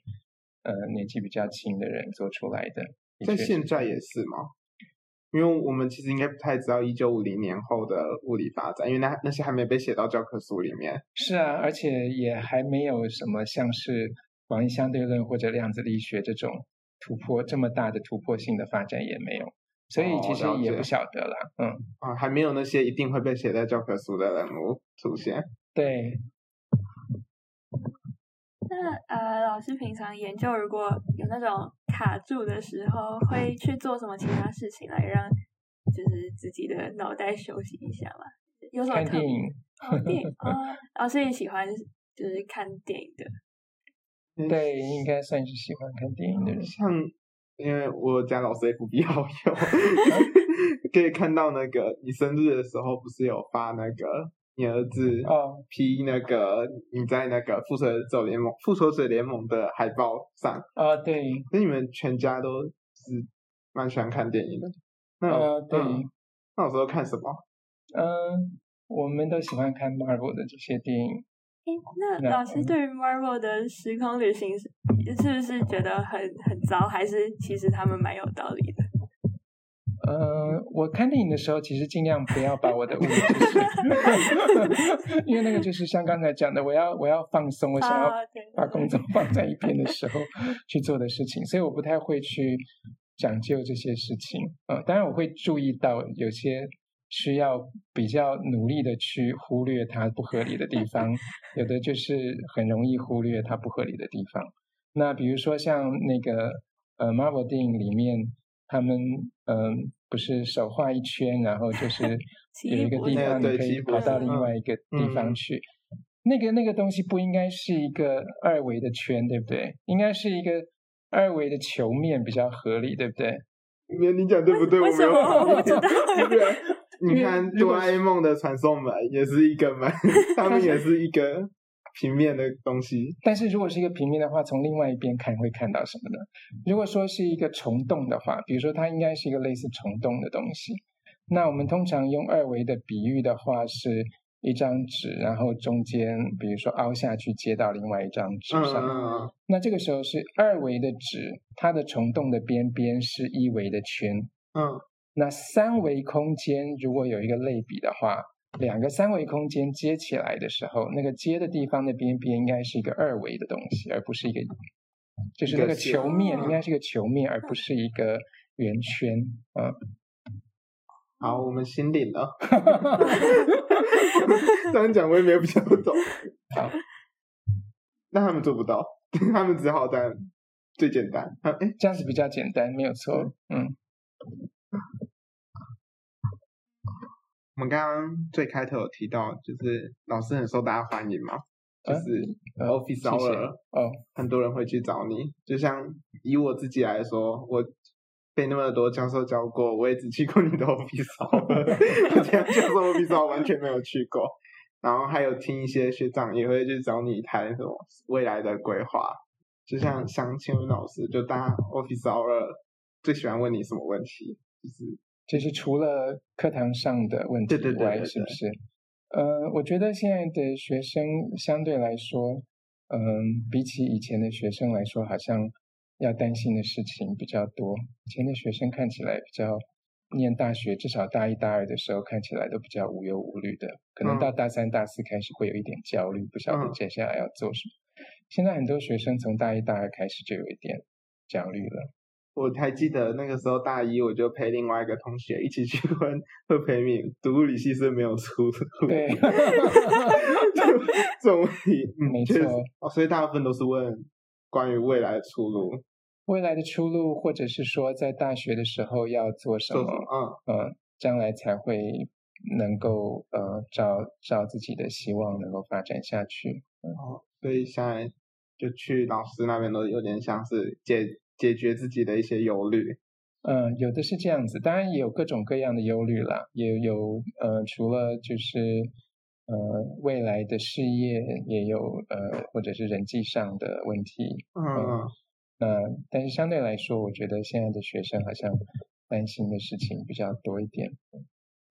呃年紀比較輕的人做出來的，在現在也是嗎？因為我們其實應該不太知道一九五零年後的物理發展，因為那那些還沒被寫到教科書裡面。是啊，而且也還沒有什麼像是廣義相對論或者量子力學這種突破這麼大的突破性的發展也沒有，所以其實也不曉得了。哦、嗯，啊，還沒有那些一定會被寫在教科書的人物出現。對。那呃，老師平常研究如果有那種卡住的時候，會去做什麼其他事情來讓就是自己的腦袋休息一下嗎？有什麼看電影，哦，電影、 <laughs> 哦。老師也喜歡就是看電影的。對，應該算是喜歡看電影的人。像因為我家老師也不必好友。 <laughs> 可以看到那個你生日的時候不是有發那個。你兒子哦，披那個你在那個復仇者聯盟、復仇者聯盟的海報上啊，對，那你們全家都是蠻喜歡看電影的。呃、啊，對、嗯，那我說看什麼？嗯、呃，我們都喜歡看 Marvel 的這些電影。哎，那老師對於 Marvel 的時空旅行是是不是覺得很很糟，還是其實他們蠻有道理的？嗯、呃，我看電影的時候，其實儘量不要把我的屋子，因為那個就是像剛才講的，我要我要放鬆，我想要把工作放在一邊的時候去做的事情，所以我不太會去講究這些事情啊、呃。當然，我會注意到有些需要比較努力的去忽略它不合理的地方，有的就是很容易忽略它不合理的地方。那比如說像那個呃，Marvel 電影裡面，他們嗯。呃不是手畫一圈，然後就是有一個地方你可以跑到另外一個地方去。 <laughs> 那，嗯、那個那個東西不應該是一個二維的圈，對不對？應該是一個二維的球面比較合理，對不對？你講對不對？我沒有。那個你看《哆啦 A 夢》的傳送門也是一個門， <laughs> 他們也是一個。平面的東西，但是如果是一個平面的話，從另外一邊看會看到什麼呢？如果說是一個蟲洞的話，比如說它應該是一個類似蟲洞的東西，那我們通常用二維的比喻的話，是一張紙，然後中間比如說凹下去接到另外一張紙上，嗯，那這個時候是二維的紙，它的蟲洞的邊邊是一維的圈，嗯，那三維空間如果有一個類比的話。兩個三維空間接起來的時候，那個接的地方的邊邊應該是一個二維的東西，而不是一個，就是那個球面應該是一個球面，而不是一個圓圈。嗯，好，我們心領了。哈哈哈哈哈！這樣講我也沒有比較懂。好， <laughs> <laughs> 那他們做不到， <laughs> 他們只好在最簡單。哎， <laughs> 這樣子比較簡單，沒有錯。嗯。我們剛剛最開頭有提到，就是老師很受大家歡迎嘛，欸、就是 office hour，謝謝很多人會去找你、哦。就像以我自己來說，我被那麼多教授教過，我也只去過你的 office hour，其 <laughs> 他 <laughs> <laughs> 教授 office hour 完全沒有去過。 <laughs> 然後還有聽一些學長也會去找你談什麼未來的規劃。就像想請問老師，就大家 office hour 最喜歡問你什麼問題，就是。就是除了課堂上的問題以外，對對對對對，是不是？呃，我覺得現在的學生相對來說，嗯、呃，比起以前的學生來說，好像要擔心的事情比較多。以前的學生看起來比較念大學，至少大一大二的時候看起來都比較無憂無慮的，可能到大三大四開始會有一點焦慮，嗯、不曉得接下來要做什麼。現在很多學生從大一大二開始就有一點焦慮了。我還記得那個時候大一，我就陪另外一個同學一起去問賀培銘讀物理系是沒有出路對， <laughs> 就理。這種問題沒錯哦，所以大部分都是問關於未來的出路，未來的出路，或者是說在大學的時候要做什麼，嗯嗯，將、嗯、來才會能夠呃，照照自己的希望能夠發展下去。然後所以現在就去老師那邊都有點像是接。解決自己的一些憂慮，嗯、呃，有的是這樣子，當然也有各種各樣的憂慮啦。也有呃，除了就是呃未來的事業也有呃，或者是人際上的問題，嗯，那、呃、但是相對來說，我覺得現在的學生好像擔心的事情比較多一點。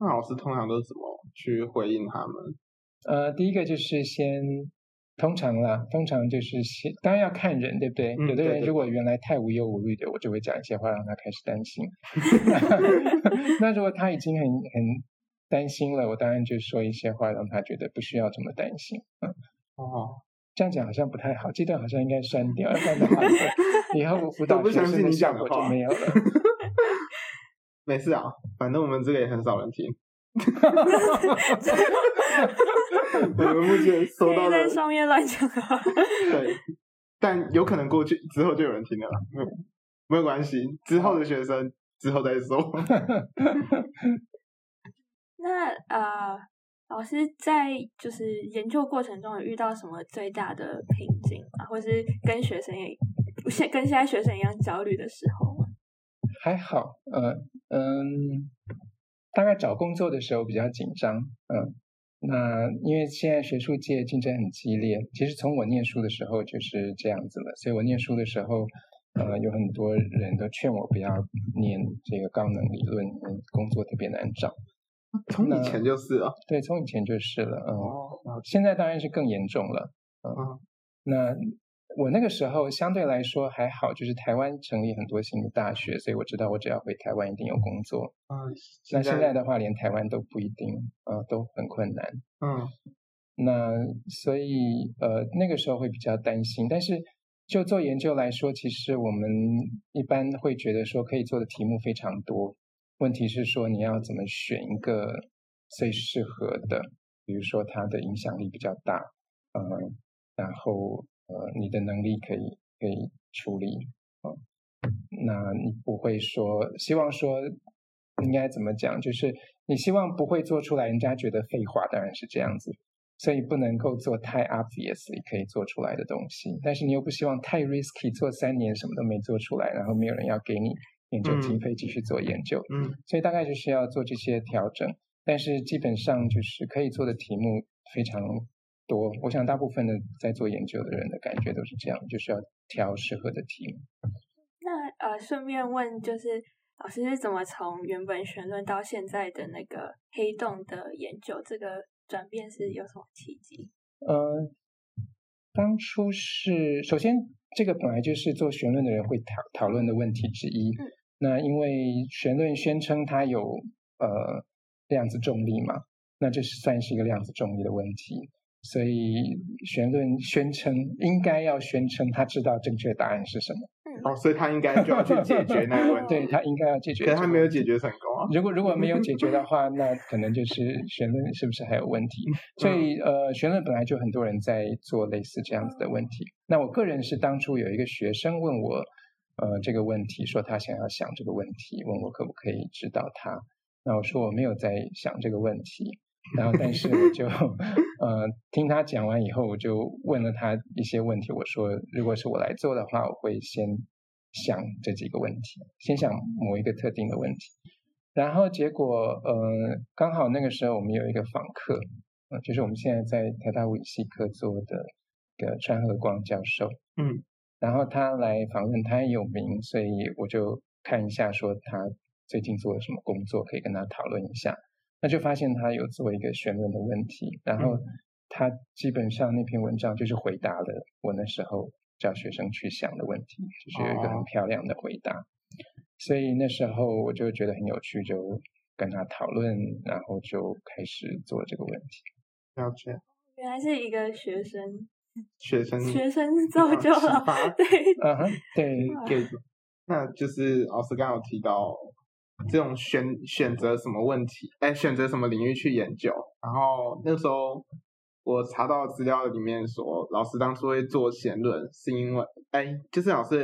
那老師通常都是怎麼去回應他們？呃，第一個就是先。通常啦，通常就是當然要看人，對不對，、嗯、對，對？有的人如果原來太無憂無慮的，我就會講一些話讓他開始擔心。 <laughs> <laughs> 那如果他已經很很擔心了，我當然就說一些話讓他覺得不需要這麼擔心。嗯、哦，這樣講好像不太好，這段好像應該刪掉。要不然的話， <laughs> 以後我輔導學生講過就沒有了。 <laughs> 沒事啊，反正我們這個也很少人聽。 <laughs> <laughs> <laughs> 嗯、我們目前收到的，可以在上面亂講啊。對， <laughs> 但有可能過去之後就有人聽了，沒有，沒有關係。之後的學生、哦、之後再說。 <laughs> 那呃，老師在就是研究過程中有遇到什麼最大的瓶頸、啊，或是跟學生也跟現在學生一樣焦慮的時候嗎、啊？還好，嗯、呃、嗯、呃，大概找工作的時候比較緊張，嗯。那因為現在學術界競爭很激烈，其實從我念書的時候就是這樣子了，所以我念書的時候，呃，有很多人都勸我不要念這個高能理論，工作特別難找。從以前就是了，啊，對，從以前就是了，嗯，oh, okay. 現在當然是更嚴重了，嗯，oh. 那。我那個時候相對來說還好，就是台灣成立很多新的大學，所以我知道我只要回台灣一定有工作。嗯，現在，那現在的話，連台灣都不一定啊、呃，都很困難。嗯，那所以呃那個時候會比較擔心，但是就做研究來說，其實我們一般會覺得說可以做的題目非常多，問題是說你要怎麼選一個最適合的，比如說它的影響力比較大，嗯、呃，然後。呃，你的能力可以可以處理啊，哦，那你不會說希望說應該怎麼講，就是你希望不會做出來，人家覺得廢話，當然是這樣子，所以不能夠做太 obviously 可以做出來的東西，但是你又不希望太 risky，做三年什麼都沒做出來，然後沒有人要給你研究經費繼續做研究，嗯，所以大概就是要做這些調整，但是基本上就是可以做的題目非常。多，我想大部分的在做研究的人的感覺都是這樣，就是要挑適合的題目。那呃，順便問，就是老師是怎麼從原本弦論到現在的那個黑洞的研究，這個轉變是有什麼契機？呃，當初是首先這個本來就是做弦論的人會討討論的問題之一。嗯。那因為弦論宣稱它有呃量子重力嘛，那這是算是一個量子重力的問題。所以，弦論宣稱應該要宣稱他知道正確答案是什麼。哦，所以他應該就要去解決那個問題。 <laughs> 對，他應該要解決這問題，可他沒有解決成功啊。 <laughs> 如果如果沒有解決的話，那可能就是弦論，是不是還有問題？所以， <laughs> 呃，弦論本來就很多人在做類似這樣子的問題。那我個人是當初有一個學生問我，呃，這個問題說他想要想這個問題，問我可不可以指導他。那我說我沒有在想這個問題。 <laughs> 然後，但是我就呃聽他講完以後，我就問了他一些問題。我說，如果是我來做的話，我會先想這幾個問題，先想某一個特定的問題。然後結果，呃，剛好那個時候我們有一個訪客，呃、就是我們現在在台大物理系客座的個川和光教授，嗯，然後他來訪問，他很有名，所以我就看一下，說他最近做了什麼工作，可以跟他討論一下。那就發現他有做一個弦論的問題，然後他基本上那篇文章就是回答了我那時候叫學生去想的問題，就是有一個很漂亮的回答，哦、所以那時候我就覺得很有趣，就跟他討論，然後就開始做這個問題。了解，原來是一個學生，學生學生造就了，對、uh -huh, 對給，那就是老師剛剛提到，這種選選擇什麼問題？哎，選擇什麼領域去研究？然後那時候我查到資料裡面說，老師當初會做弦論，是因為哎，就是老師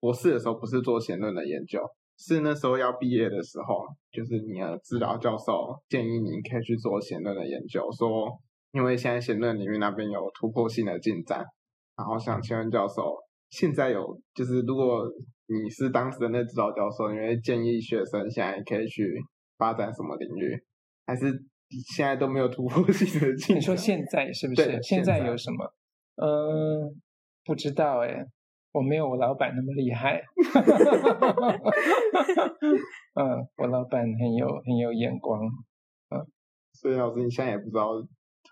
博士的時候不是做弦論的研究，是那時候要畢業的時候，就是你的指導教授建議你可以去做弦論的研究，說因為現在弦論領域那邊有突破性的進展，然後想請問教授現在有就是如果。你是當時的那指導教授，你會建議學生現在可以去發展什麼領域？還是現在都沒有突破性的？你說現在是不是？現在，現在有什麼？嗯、呃，不知道，哎，我沒有我老板那麼厲害。 <laughs> <laughs> <laughs> 嗯，我老板很有很有眼光。嗯，所以老師你現在也不知道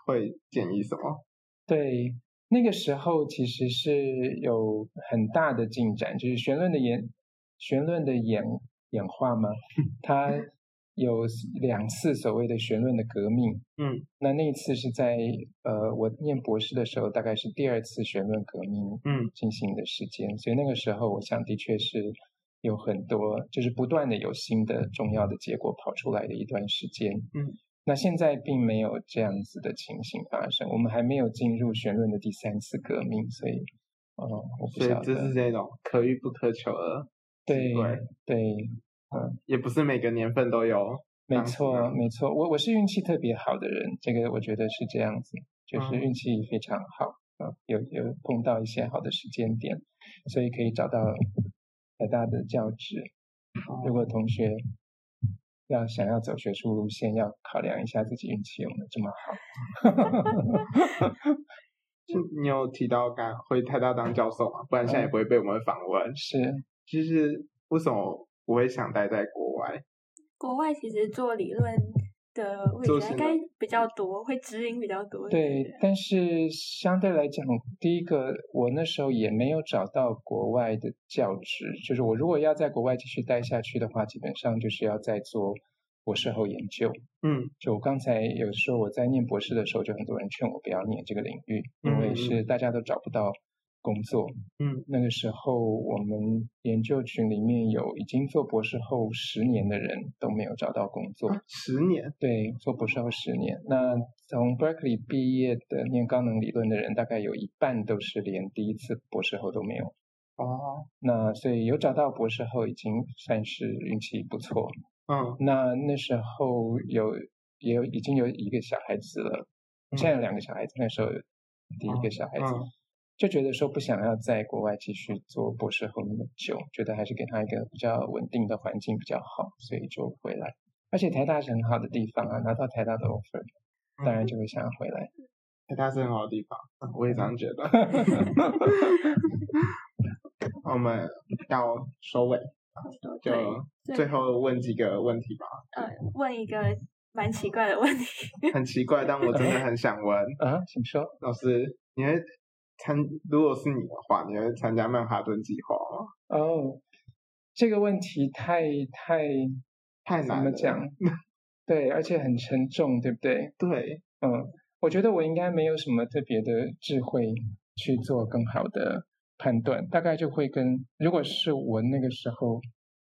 會建議什麼？對。那個時候其實是有很大的進展，就是弦論的演，弦論的演演化嘛，它有兩次所謂的弦論的革命，嗯，那那一次是在呃，我念博士的時候，大概是第二次弦論革命嗯，進行的時間，嗯，所以那個時候我想的確是有很多，就是不斷的有新的重要的結果跑出來的一段時間，嗯。那現在並沒有這樣子的情形發生，我們還沒有進入弦論的第三次革命，所以，哦，我不曉得。所以這是這種可遇不可求的，對對，嗯，也不是每個年份都有。沒錯，啊，沒錯，我我是運氣特別好的人，這個我覺得是這樣子，就是運氣非常好啊，嗯嗯，有有碰到一些好的時間點，所以可以找到臺大的教職。如果同學。嗯要想要走學術路線，要考量一下自己運氣有沒有這麼好。就 <laughs> <laughs> 你，你有提到敢回台大當教授嗎？不然現在也不會被我們訪問。嗯。是，就是為什麼我不會想待在國外？國外其實做理論。應該比較多，會指引，比較多對。對，但是相對來講，第一個，我那時候也沒有找到國外的教職，就是我如果要在國外繼續待下去的話，基本上就是要再做博士後研究。嗯，就我剛才有說，時候我在念博士的時候，就很多人勸我不要念這個領域，因為是大家都找不到。工作，嗯，那個時候我們研究群裡面有已經做博士後十年的人都沒有找到工作。啊、十年，對，做博士後十年。那從 Berkeley 畢業的念高能理論的人，大概有一半都是連第一次博士後都沒有。哦、啊，那所以有找到博士後已經算是運氣不錯。嗯、啊，那那時候有也有已經有一個小孩子了，現、嗯、在有兩個小孩子，那時候第一個小孩子。啊啊就覺得說不想要在國外繼續做博士後那麼久，覺得還是給他一個比較穩定的環境比較好，所以就回來。而且台大是很好的地方啊，拿到台大的 offer，當然就會想要回來。台大是很好的地方，我也這樣覺得。 <laughs> <laughs> <laughs> 我們到收尾，就最後問幾個問題吧。嗯、呃，問一個蠻奇怪的問題，很奇怪，但我真的很想問。 <laughs> 啊，請說，老師，因為。參，如果是你的話，你會參加曼哈頓計劃嗎？哦、oh，這個問題太太太難了。講 <laughs> 對，而且很沉重，對不對？對，嗯，我覺得我應該沒有什麼特別的智慧去做更好的判斷，大概就會跟，如果是我那個時候，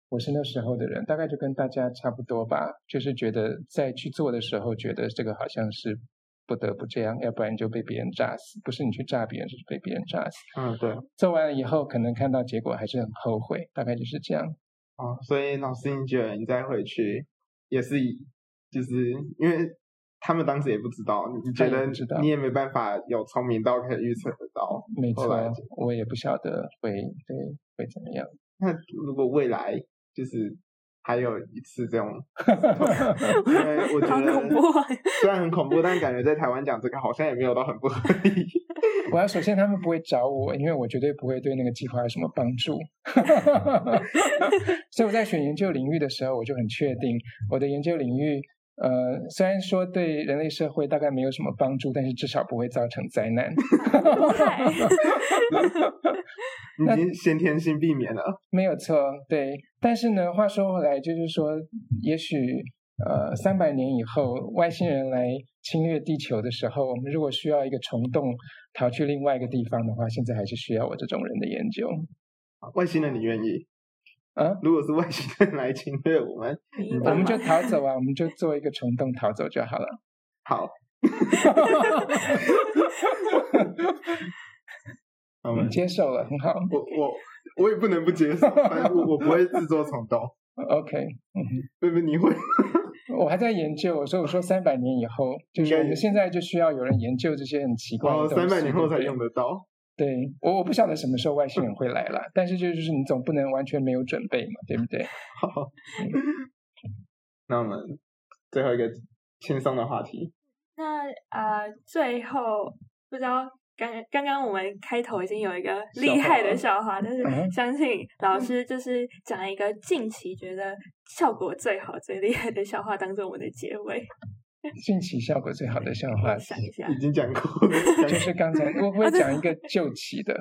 我是那時候的人，大概就跟大家差不多吧，就是覺得在去做的時候，覺得這個好像是不得不這樣，要不然就被別人炸死。不是你去炸別人，就是被別人炸死。嗯，對。做完了以後，可能看到結果還是很後悔，大概就是這樣。啊、嗯，所以老師，你覺得你再回去，也是，就是因為他們當時也不知道，你覺得你也沒辦法有聰明到可以預測得到、嗯。沒錯，我也不曉得會，對，會怎麼樣。那如果未來就是。還有一次這種，因為我覺得雖然很恐怖，但感覺在台灣講這個好像也沒有到很不合理。我要首先他們不會找我，因為我絕對不會對那個計劃有什麼幫助。 <laughs> 所以我在選研究領域的時候，我就很確定我的研究領域。呃，雖然說對人類社會大概沒有什麼幫助，但是至少不會造成災難。哈哈哈哈哈！你已經先天性避免了，沒有錯，對。但是呢，話說回來，就是說，也許呃，三百年以後，外星人來侵略地球的時候，我們如果需要一個蟲洞逃去另外一個地方的話，現在還是需要我這種人的研究。外星人，你願意？啊，如果是外星人來侵略我們，我們、啊、我們就逃走啊！ <laughs> 我們就做一個蟲洞逃走就好了。好， <laughs> 你 <laughs> 接受了，很好。我我我也不能不接受， <laughs> 反正我，我不會自作蟲洞。 <laughs> OK，嗯哼，妹妹你會？我還在研究，所以我說三百年以後，就是現在就需要有人研究這些很奇怪，三百、啊、年後才用得到。對，我我不曉得什麼時候外星人會來了，但是就是你總不能完全沒有準備嘛，對不對？好，那我們最後一個輕鬆的話題。那呃，最後不知道，剛剛剛我們開頭已經有一個厲害的笑話，但是相信老師就是講一個近期覺得效果最好、最厲害的笑話，當作我們的結尾。近期效果最好的笑話已經講過，就是剛才我會講一個舊期的，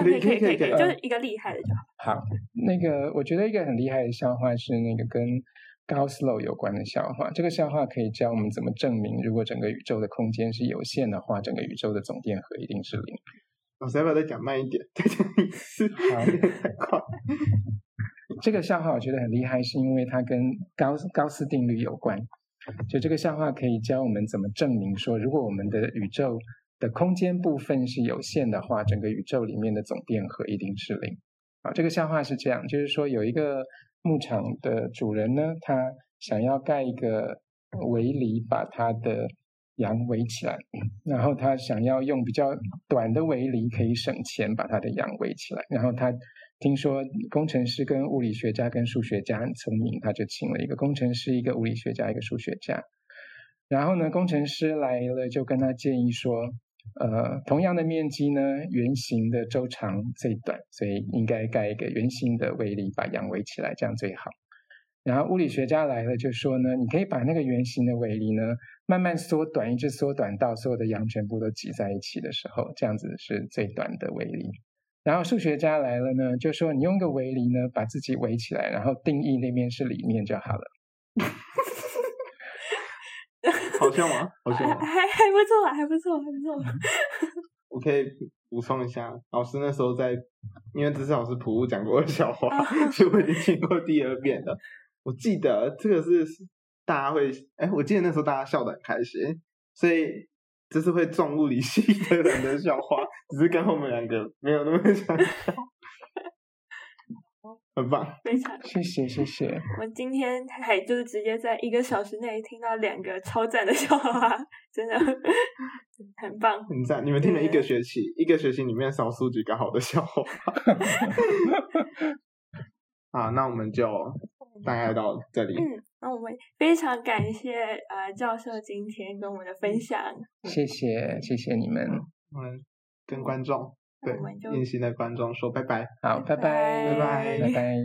可以可以可以，就是一個厲害的笑話。好，那個我覺得一個很厲害的笑話是那個跟高斯 law 有關的笑話。 <laughs> 這個笑話可以教我們怎麼證明，如果整個宇宙的空間是有限的話，整個宇宙的總電荷一定是零。哦、我,想我再把它講慢一點，再講一次，好 <laughs> 太快。 <laughs> 這個笑話我覺得很厲害，是因為它跟高高斯定律有關。就這個笑話可以教我們怎麼證明說，如果我們的宇宙的空間部分是有限的話，整個宇宙裡面的總電荷一定是零。啊，這個笑話是這樣，就是說有一個牧場的主人呢，他想要蓋一個圍籬把他的羊圍起來，然後他想要用比較短的圍籬可以省錢把他的羊圍起來，然後他。聽說工程師跟物理學家跟數學家很聰明，他就請了一個工程師、一個物理學家、一個數學家。然後呢，工程師來了就跟他建議說：“呃，同樣的面積呢，圓形的周長最短，所以應該蓋一個圓形的圍籬，把羊圍起來，這樣最好。”然後物理學家來了就說呢：“你可以把那個圓形的圍籬呢，慢慢縮短，一直縮短到所有的羊全部都擠在一起的時候，這樣子是最短的圍籬。”然後數學家來了呢，就說你用個圍籬呢，把自己圍起來，然後定義那面是裡面就好了。 <laughs> 好笑嗎？好笑嗎？還還不錯啊，還不錯，還不錯。還不錯 <laughs> 我可以補充一下，老師那時候在，因為只是老師普物講過的笑話，啊、所以我已經聽過第二遍了。我記得這個是大家會，誒我記得那時候大家笑的很開心，所以。這是會撞物理系的人的笑話， <laughs> 只是跟後面兩個沒有那麼像， <laughs> 很棒，非常，謝謝謝謝。我今天還就是直接在一個小時內聽到兩個超讚的笑話，真的很棒。很讚，你們聽了一個學期，一個學期裡面少數幾個好的笑話。啊， <laughs> <laughs> 那我們就大概到這裡。嗯那我們非常感謝呃教授，今天跟我們的分享，嗯、謝謝、嗯、謝謝你們，嗯，我們跟觀眾，對，隱形的觀眾說拜拜，好，拜拜拜拜拜。拜拜拜拜拜拜。